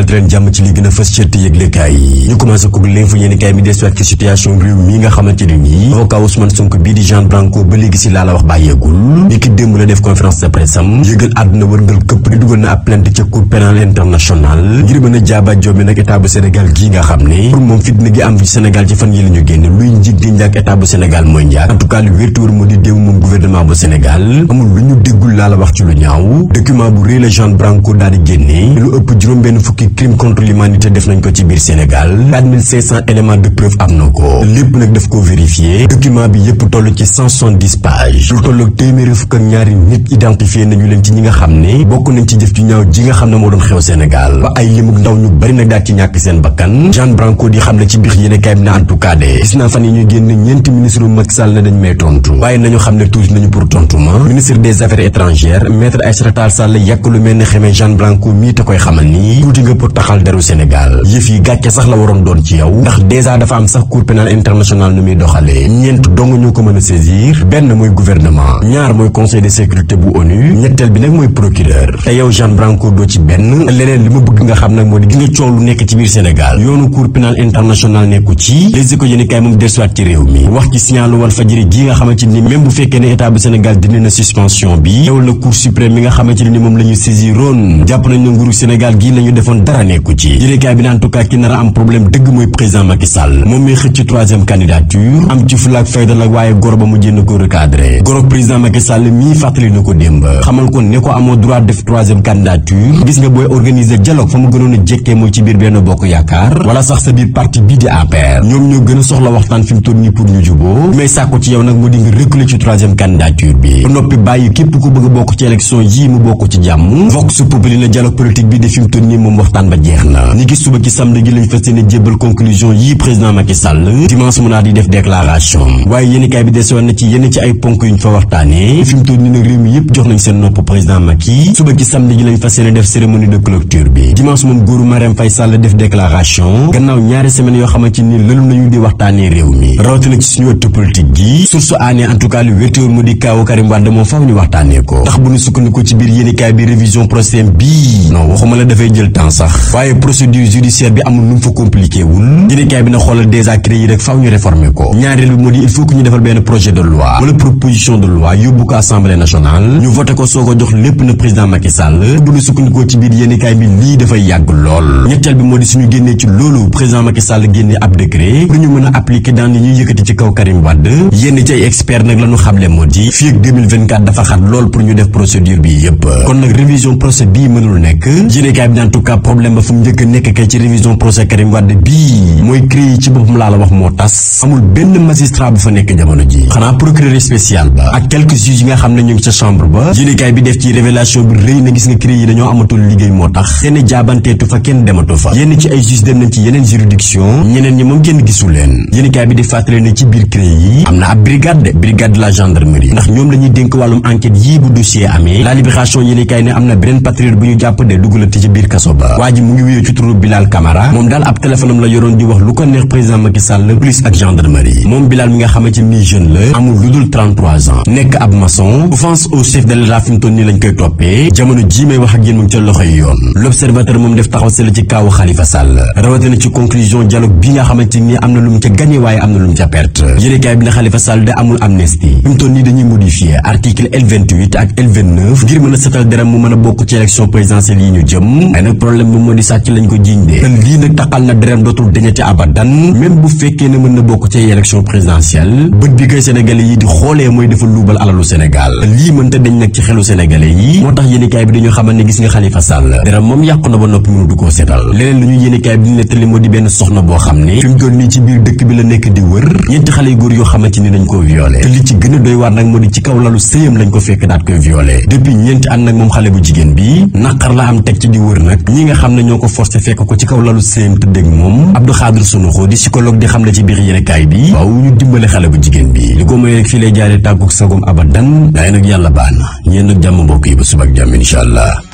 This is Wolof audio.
dara di leen jàmm ci li gën a fës ci yëglekaay yi ñu commencé ko l'info yéen kaay mi desuwaat ci situation réew mi nga xamante ne nii avocat Ousmane Sonko bii di Jean Branco ba léegi si laa la wax bàyyeegul ni ki démb la def conférence de presse yëgal àdduna wërngal këpp di dugal na ab plainte ca cour pénal international ngir mën a jaaba joobe nag état Sénégal gii nga xam ne pour moom fitna gi am Sénégal ci fan yi la ñu luy njig di njaak état bu crime contre l'humanité def nañ ko ci biir Sénégal 4500 de preuve am na ko lépp nag daf ko vérifié document bi yépp toll ci 170 lu toll ak téeméeri fukk ak ñaari nit identifié nañu leen ci ñi nga xam ne bokk nañ ci jëf ju ñaaw ji nga xam ne moo doon xew Sénégal ba ay limuk ndaw ñu bari nag daal ci ñàkk seen bakkan Jean Branco di xam ne ci biir yéene bi na en tout fan yi ñuy génn ñeenti ministre Macky Sall na ne nañu pour tontu ma pour taxal deru Sénégal yëf yi gàcce sax la waroon doon ci yow ndax dèjà dafa am sax cour pénale internationale nu muy doxalee ñeent dong ñoo ko mën a saisir benn mooy gouvernement ñaar mooy conseil de sécurité bu ONU ñetteel bi nag mooy procureur te yow Jean Branco doo ci benn leneen li ma bëgg nga xam nag moo di gi nga coow lu nekk ci biir Sénégal yoonu cour pénale internationale nekku ci les éco yéeni kaay moom dellusiwaat ci réew mi wax ci signalu bu fekkee ne état bu Sénégal dindi na suspension bi yow la cour suprême mi gi la ñu dara nekku ci yéenekaay bi naan en tout cas ki nar am problème dëgg mooy président Macky moom mi xëcc ci troisième am ci fulaak fayda la waaye gor ba mu jénn ko recadré goro président Macky mii fàttali na ko démb xamal ko ne ko amoo droit def troisième candidature gis nga booy organiser dialogue fa mu gënoon jekkee mooy ci biir benn bokk yaakaar wala sax sa biir parti bii di APR ñoom ñoo gën soxla waxtaan fi mu nii pour ñu juboo waxtaan gis suba gi samedi gi lañ fas yéene jébbal conclusion yii président Macky Sall dimanche mu naa di def déclaration waaye yéenekaay bi desewoon na ci seen nopp président Macky suba gi samedi gi lañ fas yéene def cérémonie de clôture bi dimanche moom góoru Marème Faye Sall def déclaration gannaaw ñaari semaines yoo xamante ni lëlu nañu di waxtaanee réew mi rawatina ci suñu ëtt politique gi source aanée en tout cas mu di kaawu Karim Wade sax waaye procédure judiciaire bi amul nu fa compliqué wul yéenekaay bi na xoolal déjà créé yi rek faw ñu réformer ko ñaareel bi moo di il faut ñu defal benn projet de loi wala proposition de loi yóbbu ko assemblée nationale ñu voté ko soo ko jox lépp na président Macky Sall bu ñu sukkandikoo ci biir yéenekaay bi lii dafay yàgg lool ñetteel bi moo di suñu génnee ci loolu président Macky génne ab décret pour ñu mën a appliquer daan yi ñuy yëkkati ci kaw problème ba fu mu njëkk nekk kay ci révision procès Karim Wade bii mooy CREI ci boppam laa la wax moo tas amul benn magistrat bu fa nekk jamono ji xanaa procureur spécial ba ak quelques juges yi nga xam ne ñu ca chambre ba yéenekaay bi def ci révélation bi rëy na gis nga CREI yi dañoo amatul liggéey moo tax kenn jaabanteetu fa kenn dematu fa yenn ci ay juges nañ ci yeneen juridiction ñeneen ñi kenn gisu leen bi di fàttale na ci biir waa ji mu ngi wuyee ci turu Bilal Camara moom daal ab téléphone la yoroon di wax lu ko neex président Macky Sall police ak gendarmerie moom Bilal mi nga xamante ni jeune la amul lu dul ans nekk ab maçon offense au chef de l'État fi nii lañ koy toppee jamono jii may wax ak yéen mu ngi ca loxoy yoon l'observateur moom def taxaw sell ci kaawu Khalifa Sall rawatina ci conclusion dialogue bi nga xamante ni am na lu mu ca gagné am na lu mu xam ne moo di sàcc lañ ko jiiñ de te lii nag taqal na deram dootul dañati abadan même bu fekkee ne mën na bokk ci élection présidentielle bët bi koy sénégalais yi di xoolee mooy dafa luubal alalu Sénégal lii mënta dañ xelu sénégalais yi moo tax yéenekaay bi dañu xamal ne gis nga Khalifa Sall deram moom yàqu na ba noppi mënu du koo seetal leneen lu ñu yéenekaay bi di nettali moo di benn soxna boo xam ne fi mu toll nii ci biir dëkk bi la nekk di wër ñeenti yoo xamante ni dañ ko violé te li ci a bi xam na ñoo ko forcé fekk ko ci kaw lalu séem te dégg moom Abdou Khadre Sounokho di psychologue di xam ne ci biir yéenekaay bi waaw ñu dimbale xale bu jigéen bi li ko may rek fii lay jaaree tàgguk sagum abadan daay nag yàlla baax na ñeen nag jàmm mbokk yi ba ak jàmm incha allah